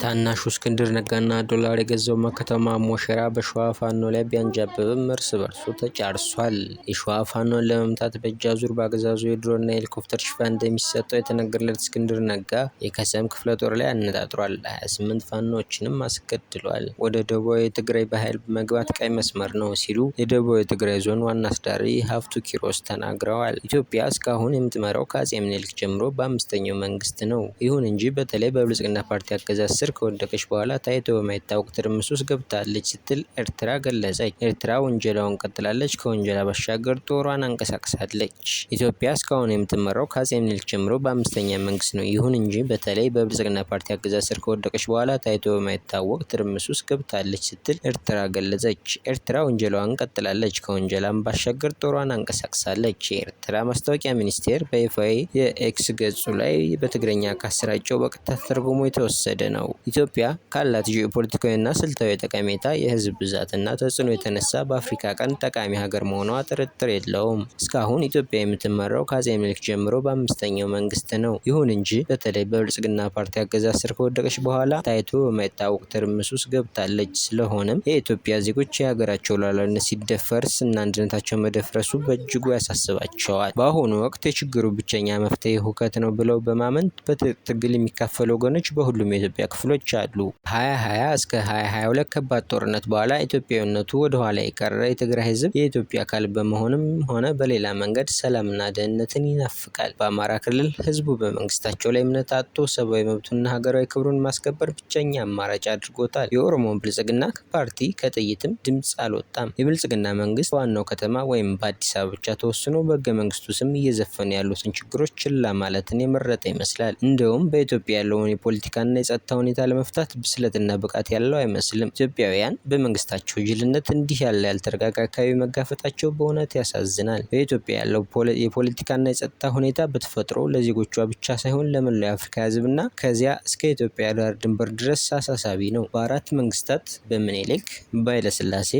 ታናሹ እስክንድር ነጋና ዶላር የገዛው መከተማ ሞሸራ በሸዋ ፋኖ ላይ ቢያንዣብብም እርስ በርሱ ተጫርሷል። የሸዋ ፋኖን ለመምታት በእጅ አዙር በአገዛዙ የድሮና የሄሊኮፕተር ሽፋን እንደሚሰጠው የተነገረለት እስክንድር ነጋ የከሰም ክፍለ ጦር ላይ አነጣጥሯል። 28 ፋኖዎችንም አስገድሏል። ወደ ደቡባዊ ትግራይ በኃይል መግባት ቀይ መስመር ነው ሲሉ የደቡባዊ ትግራይ ዞን ዋና አስዳሪ ሀፍቱ ኪሮስ ተናግረዋል። ኢትዮጵያ እስካሁን የምትመራው ከአጼ ምኒልክ ጀምሮ በአምስተኛው መንግስት ነው። ይሁን እንጂ በተለይ በብልጽግና ፓርቲ አገዛ ስር ከወደቀች በኋላ ታይቶ በማይታወቅ ትርምስ ውስጥ ገብታለች ስትል ኤርትራ ገለጸች። ኤርትራ ውንጀላውን ቀጥላለች። ከውንጀላ ባሻገር ጦሯን አንቀሳቅሳለች። ኢትዮጵያ እስካሁን የምትመራው ከአጼ ምኒልክ ጀምሮ በአምስተኛ መንግስት ነው። ይሁን እንጂ በተለይ በብልጽግና ፓርቲ አገዛዝ ስር ከወደቀች በኋላ ታይቶ በማይታወቅ ትርምስ ውስጥ ገብታለች ስትል ኤርትራ ገለጸች። ኤርትራ ውንጀላዋን ቀጥላለች። ከውንጀላም ባሻገር ጦሯን አንቀሳቅሳለች። የኤርትራ ማስታወቂያ ሚኒስቴር በይፋዊ የኤክስ ገጹ ላይ በትግረኛ ካሰራጨው በቀጥታ ተተርጉሞ የተወሰደ ነው። ነው። ኢትዮጵያ ካላት ጂኦፖለቲካዊና ስልታዊ ጠቀሜታ፣ የህዝብ ብዛትና ተጽዕኖ የተነሳ በአፍሪካ ቀንድ ጠቃሚ ሀገር መሆኗ ጥርጥር የለውም። እስካሁን ኢትዮጵያ የምትመራው ከአጼ ምኒልክ ጀምሮ በአምስተኛው መንግስት ነው። ይሁን እንጂ በተለይ በብልጽግና ፓርቲ አገዛዝ ስር ከወደቀች በኋላ ታይቶ በማይታወቅ ትርምስ ውስጥ ገብታለች። ስለሆነም የኢትዮጵያ ዜጎች የሀገራቸው ሉዓላዊነት ሲደፈርስ እና አንድነታቸው መደፍረሱ በእጅጉ ያሳስባቸዋል። በአሁኑ ወቅት የችግሩ ብቸኛ መፍትሄ ሁከት ነው ብለው በማመን በትጥቅ ትግል የሚካፈሉ ወገኖች በሁሉም የኢትዮጵያ ክፍሎች አሉ። ከ2020 እስከ 2022 ከባድ ጦርነት በኋላ ኢትዮጵያዊነቱ ወደኋላ የቀረ የትግራይ ህዝብ የኢትዮጵያ አካል በመሆንም ሆነ በሌላ መንገድ ሰላምና ደህንነትን ይናፍቃል። በአማራ ክልል ህዝቡ በመንግስታቸው ላይ እምነት አጥቶ ሰብአዊ መብቱና ሀገራዊ ክብሩን ማስከበር ብቸኛ አማራጭ አድርጎታል። የኦሮሞን ብልጽግና ፓርቲ ከጥይትም ድምፅ አልወጣም። የብልጽግና መንግስት ዋናው ከተማ ወይም በአዲስ አበባ ብቻ ተወስኖ በህገ መንግስቱ ስም እየዘፈኑ ያሉትን ችግሮች ችላ ማለትን የመረጠ ይመስላል። እንደውም በኢትዮጵያ ያለውን የፖለቲካና የጸጥታውን ሁኔታ ለመፍታት ብስለትና ብቃት ያለው አይመስልም። ኢትዮጵያውያን በመንግስታቸው ጅልነት እንዲህ ያለ ያልተረጋጋ አካባቢ መጋፈጣቸው በእውነት ያሳዝናል። በኢትዮጵያ ያለው የፖለቲካና የጸጥታ ሁኔታ በተፈጥሮ ለዜጎቿ ብቻ ሳይሆን ለመላው የአፍሪካ ህዝብና ከዚያ እስከ ኢትዮጵያ ዳር ድንበር ድረስ አሳሳቢ ነው። በአራት መንግስታት በምኒልክ፣ በኃይለስላሴ፣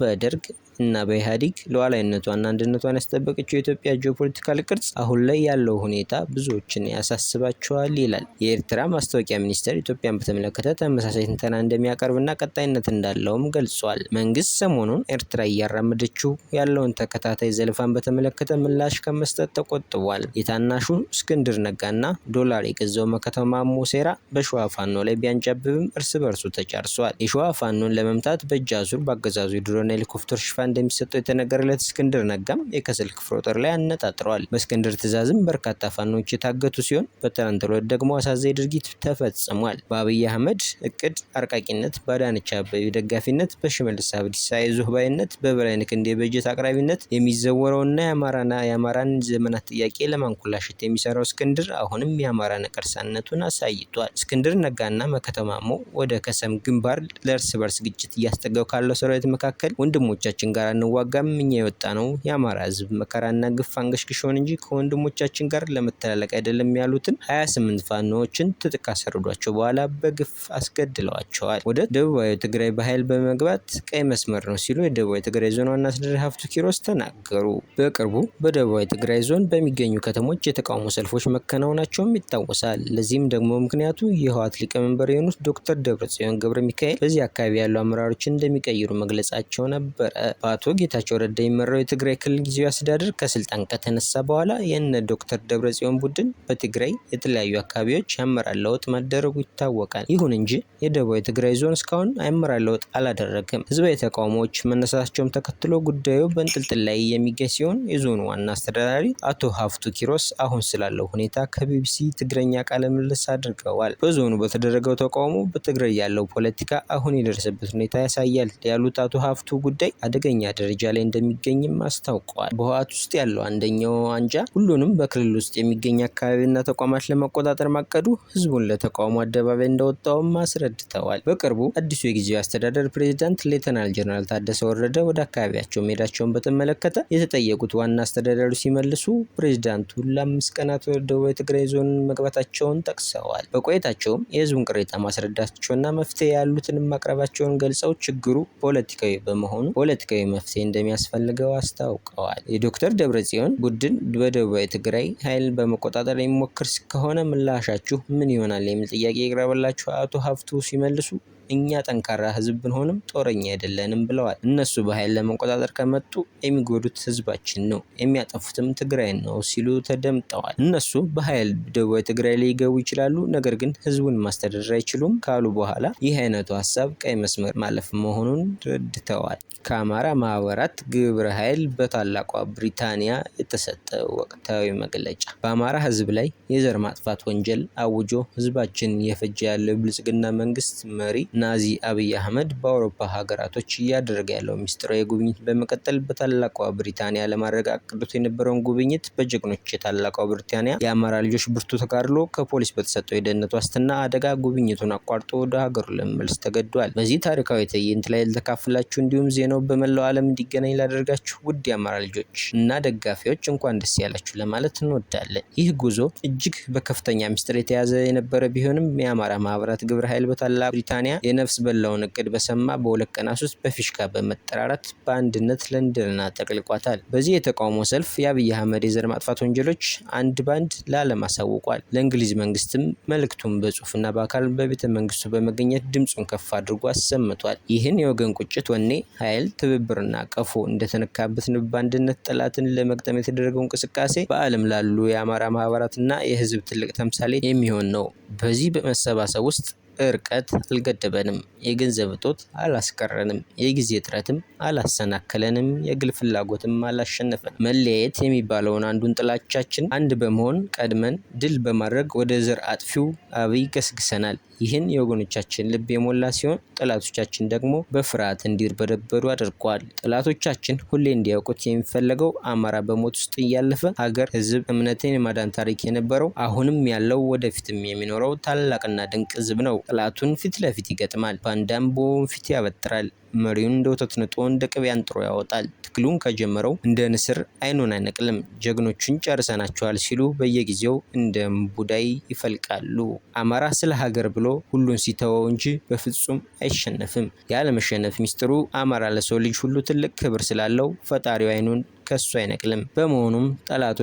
በደርግ እና በኢህአዴግ ሉዓላዊነቷንና አንድነቷን ያስጠበቀችው የኢትዮጵያ ጂኦፖለቲካል ቅርጽ አሁን ላይ ያለው ሁኔታ ብዙዎችን ያሳስባቸዋል ይላል። የኤርትራ ማስታወቂያ ሚኒስቴር ኢትዮጵያን በተመለከተ ተመሳሳይ ትንተና እንደሚያቀርብና ቀጣይነት እንዳለውም ገልጿል። መንግስት ሰሞኑን ኤርትራ እያራመደችው ያለውን ተከታታይ ዘልፋን በተመለከተ ምላሽ ከመስጠት ተቆጥቧል። የታናሹ እስክንድር ነጋና ዶላር የገዛው መከተማ ማሞ ሴራ በሸዋ ፋኖ ላይ ቢያንዣብብም እርስ በርሱ ተጫርሷል። የሸዋ ፋኖን ለመምታት በእጅ አዙር በአገዛዙ የድሮና ሄሊኮፕተር ሽፋን እንደሚሰጠው የተነገረለት እስክንድር ነጋም የከሰል ክፍለ ጦር ላይ አነጣጥረዋል። በእስክንድር ትዕዛዝም በርካታ ፋኖች የታገቱ ሲሆን በትናንት ዕለት ደግሞ አሳዛኝ ድርጊት ተፈጽሟል። በአብይ አህመድ እቅድ አርቃቂነት፣ በአዳነች አቤቤ ደጋፊነት፣ በሽመልስ አብዲሳ የዙህ ባይነት፣ በበላይ ክንዴ በጀት አቅራቢነት የሚዘወረውና የአማራና የአማራን ዘመናት ጥያቄ ለማንኮላሸት የሚሰራው እስክንድር አሁንም የአማራ ነቀርሳነቱን አሳይቷል። እስክንድር ነጋና መከተማሞ ወደ ከሰም ግንባር ለእርስ በርስ ግጭት እያስጠገው ካለው ሰራዊት መካከል ወንድሞቻችን ከወንድሞቻችን ጋር አንዋጋም። እኛ ነው የአማራ ህዝብ መከራና ግፍ አንገሽግሾን እንጂ ከወንድሞቻችን ጋር ለመተላለቅ አይደለም ያሉትን 28 ፋኖዎችን ትጥቅ ካሰረዷቸው በኋላ በግፍ አስገድለዋቸዋል። ወደ ደቡባዊ ትግራይ በኃይል በመግባት ቀይ መስመር ነው ሲሉ የደቡባዊ ትግራይ ዞን ዋና አስተዳዳሪ ሀፍቱ ኪሮስ ተናገሩ። በቅርቡ በደቡባዊ ትግራይ ዞን በሚገኙ ከተሞች የተቃውሞ ሰልፎች መከናወናቸውም ይታወሳል። ለዚህም ደግሞ ምክንያቱ የህወሓት ሊቀመንበር የሆኑት ዶክተር ደብረጽዮን ገብረ ሚካኤል በዚህ አካባቢ ያሉ አመራሮችን እንደሚቀይሩ መግለጻቸው ነበረ። በአቶ ጌታቸው ረዳ የሚመራው የትግራይ ክልል ጊዜያዊ አስተዳደር ከስልጣን ከተነሳ በኋላ የእነ ዶክተር ደብረጽዮን ቡድን በትግራይ የተለያዩ አካባቢዎች የአመራር ለውጥ ማደረጉ ይታወቃል። ይሁን እንጂ የደቡባዊ ትግራይ ዞን እስካሁን የአመራር ለውጥ አላደረገም። ህዝባዊ ተቃውሞዎች መነሳታቸውም ተከትሎ ጉዳዩ በእንጥልጥል ላይ የሚገኝ ሲሆን የዞኑ ዋና አስተዳዳሪ አቶ ሀፍቱ ኪሮስ አሁን ስላለው ሁኔታ ከቢቢሲ ትግረኛ ቃለ ምልልስ አድርገዋል። በዞኑ በተደረገው ተቃውሞ በትግራይ ያለው ፖለቲካ አሁን የደረሰበት ሁኔታ ያሳያል ያሉት አቶ ሀፍቱ ጉዳይ አደገ ከፍተኛ ደረጃ ላይ እንደሚገኝም አስታውቀዋል። በህወሓት ውስጥ ያለው አንደኛው አንጃ ሁሉንም በክልል ውስጥ የሚገኝ አካባቢና ተቋማት ለመቆጣጠር ማቀዱ ህዝቡን ለተቃውሞ አደባባይ እንደወጣውም አስረድተዋል። በቅርቡ አዲሱ የጊዜያዊ አስተዳደር ፕሬዚዳንት ሌተናል ጀነራል ታደሰ ወረደ ወደ አካባቢያቸው መሄዳቸውን በተመለከተ የተጠየቁት ዋና አስተዳዳሪ ሲመልሱ ፕሬዚዳንቱ ለአምስት ቀናት ወደ ትግራይ ዞን መግባታቸውን ጠቅሰዋል። በቆይታቸውም የህዝቡን ቅሬታ ማስረዳቸውና መፍትሄ ያሉትን ማቅረባቸውን ገልጸው ችግሩ ፖለቲካዊ በመሆኑ ፖለቲካዊ ጊዜያዊ መፍትሄ እንደሚያስፈልገው አስታውቀዋል። የዶክተር ደብረጽዮን ቡድን በደቡባዊ ትግራይ ኃይል በመቆጣጠር የሚሞክር ከሆነ ምላሻችሁ ምን ይሆናል የሚል ጥያቄ የቀረበላቸው አቶ ሀብቱ ሲመልሱ እኛ ጠንካራ ህዝብ ብንሆንም ጦረኛ አይደለንም ብለዋል። እነሱ በኃይል ለመቆጣጠር ከመጡ የሚጎዱት ህዝባችን ነው፣ የሚያጠፉትም ትግራይን ነው ሲሉ ተደምጠዋል። እነሱ በኃይል ደቡባዊ ትግራይ ላይ ሊገቡ ይችላሉ፣ ነገር ግን ህዝቡን ማስተዳደር አይችሉም ካሉ በኋላ ይህ አይነቱ ሀሳብ ቀይ መስመር ማለፍ መሆኑን ረድተዋል። ከአማራ ማህበራት ግብረ ኃይል በታላቋ ብሪታንያ የተሰጠ ወቅታዊ መግለጫ በአማራ ህዝብ ላይ የዘር ማጥፋት ወንጀል አውጆ ህዝባችን የፈጀ ያለው ብልጽግና መንግስት መሪ ናዚ አብይ አህመድ በአውሮፓ ሀገራቶች እያደረገ ያለው ሚስጥራዊ ጉብኝት በመቀጠል በታላቋ ብሪታንያ ለማድረግ አቅዶት የነበረውን ጉብኝት በጀግኖች የታላቋ ብሪታንያ የአማራ ልጆች ብርቱ ተጋድሎ ከፖሊስ በተሰጠው የደህንነት ዋስትና አደጋ ጉብኝቱን አቋርጦ ወደ ሀገሩ ለመመለስ ተገዷል። በዚህ ታሪካዊ ትዕይንት ላይ ልተካፍላችሁ፣ እንዲሁም ዜናው በመላው ዓለም እንዲገናኝ ላደርጋችሁ ውድ የአማራ ልጆች እና ደጋፊዎች እንኳን ደስ ያላችሁ ለማለት እንወዳለን። ይህ ጉዞ እጅግ በከፍተኛ ሚስጥር የተያዘ የነበረ ቢሆንም የአማራ ማህበራት ግብረ ኃይል በታላቅ ብሪታንያ የነፍስ በላውን እቅድ በሰማ በሁለት ቀናት ውስጥ በፊሽካ በመጠራራት በአንድነት ለንደንን አጠቅልቋታል። በዚህ የተቃውሞ ሰልፍ የአብይ አህመድ የዘር ማጥፋት ወንጀሎች አንድ ባንድ ለዓለም አሳውቋል። ለእንግሊዝ መንግስትም መልእክቱን በጽሁፍና በአካል በቤተ መንግስቱ በመገኘት ድምፁን ከፍ አድርጎ አሰምቷል። ይህን የወገን ቁጭት፣ ወኔ፣ ኃይል፣ ትብብርና ቀፎ እንደተነካበት ንብ በአንድነት ጠላትን ለመግጠም የተደረገው እንቅስቃሴ በዓለም ላሉ የአማራ ማህበራትና የህዝብ ትልቅ ተምሳሌ የሚሆን ነው። በዚህ በመሰባሰብ ውስጥ እርቀት አልገደበንም። የገንዘብ እጦት አላስቀረንም። የጊዜ እጥረትም አላሰናከለንም። የግል ፍላጎትም አላሸነፈን። መለያየት የሚባለውን አንዱን ጥላቻችን አንድ በመሆን ቀድመን ድል በማድረግ ወደ ዘር አጥፊው አብይ ገስግሰናል። ይህን የወገኖቻችን ልብ የሞላ ሲሆን፣ ጠላቶቻችን ደግሞ በፍርሃት እንዲርበደበዱ አድርጓል። ጠላቶቻችን ሁሌ እንዲያውቁት የሚፈለገው አማራ በሞት ውስጥ እያለፈ ሀገር፣ ህዝብ፣ እምነትን የማዳን ታሪክ የነበረው አሁንም ያለው ወደፊትም የሚኖረው ታላቅና ድንቅ ህዝብ ነው። ጠላቱን ፊት ለፊት ይገጥማል። ባንዳምቦውን ፊት ያበጥራል። መሪውን እንደ ወተት ንጦ እንደ ቅቤ አንጥሮ ያወጣል። ትግሉን ከጀመረው እንደ ንስር አይኑን አይነቅልም። ጀግኖቹን ጨርሰናቸዋል ሲሉ በየጊዜው እንደ ቡዳይ ይፈልቃሉ። አማራ ስለ ሀገር ብሎ ሁሉን ሲተወው እንጂ በፍጹም አይሸነፍም። ያለመሸነፍ ሚስጥሩ አማራ ለሰው ልጅ ሁሉ ትልቅ ክብር ስላለው ፈጣሪው አይኑን ከሱ አይነቅልም። በመሆኑም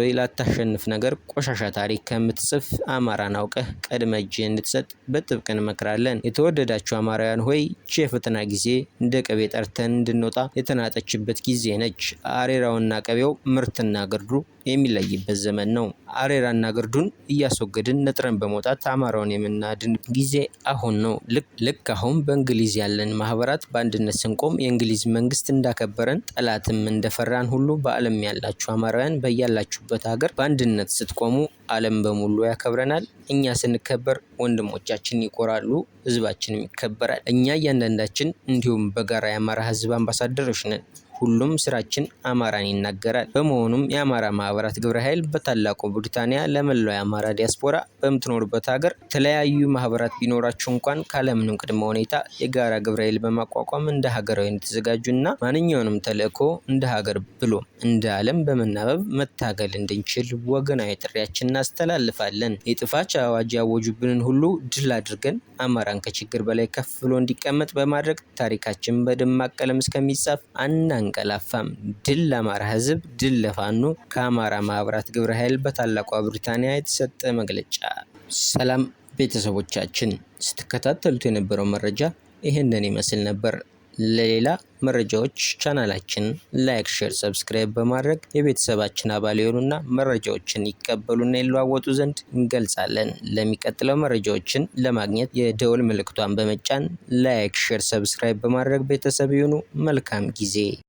ወይ ላታሸንፍ ነገር ቆሻሻ ታሪክ ከምትጽፍ አማራን አውቀህ ቀድመ እጅ እንድትሰጥ በጥብቅ እንመክራለን። የተወደዳችሁ አማራውያን ሆይ ቼ የፈተና ጊዜ እንደ ቅቤ ጠርተን እንድንወጣ የተናጠችበት ጊዜ ነች። አሬራውና ቅቤው ምርትና ግርዱ የሚለይበት ዘመን ነው። አሬራና ግርዱን እያስወገድን ነጥረን በመውጣት አማራውን የምናድን ጊዜ አሁን ነው። ልክ አሁን በእንግሊዝ ያለን ማህበራት በአንድነት ስንቆም የእንግሊዝ መንግስት እንዳከበረን ጠላትም እንደፈራን ሁሉ በዓለም ያላችሁ አማራውያን በያላችሁበት ሀገር በአንድነት ስትቆሙ ዓለም በሙሉ ያከብረናል። እኛ ስንከበር ወንድሞቻችን ይቆራሉ ህዝባችንም ይከበራል። እኛ እያንዳንዳችን እንዲሁም በጋራ የአማራ ህዝብ አምባሳደሮች ነን። ሁሉም ስራችን አማራን ይናገራል። በመሆኑም የአማራ ማህበራት ግብረ ኃይል በታላቁ ብሪታንያ ለመላው የአማራ ዲያስፖራ በምትኖርበት ሀገር የተለያዩ ማህበራት ቢኖራቸው እንኳን ካለምንም ቅድመ ሁኔታ የጋራ ግብረ ኃይል በማቋቋም እንደ ሀገራዊ እንደተዘጋጁና ማንኛውንም ተልእኮ እንደ ሀገር ብሎ እንደ ዓለም በመናበብ መታገል እንድንችል ወገናዊ ጥሪያችን እናስተላልፋለን። የጥፋች አዋጅ ያወጁብንን ሁሉ ድል አድርገን አማራን ከችግር በላይ ከፍ ብሎ እንዲቀመጥ በማድረግ ታሪካችን በደማቅ ቀለም እስከሚጻፍ አናን አያንቀላፋም። ድል ለአማራ ህዝብ ድል ለፋኖ! ከአማራ ማህበራት ግብረ ኃይል በታላቋ ብሪታንያ የተሰጠ መግለጫ። ሰላም ቤተሰቦቻችን፣ ስትከታተሉት የነበረው መረጃ ይህንን ይመስል ነበር። ለሌላ መረጃዎች ቻናላችን ላይክ፣ ሼር፣ ሰብስክራይብ በማድረግ የቤተሰባችን አባል የሆኑና መረጃዎችን ይቀበሉና ይለዋወጡ ዘንድ እንገልጻለን። ለሚቀጥለው መረጃዎችን ለማግኘት የደወል ምልክቷን በመጫን ላይክ፣ ሼር፣ ሰብስክራይብ በማድረግ ቤተሰብ የሆኑ መልካም ጊዜ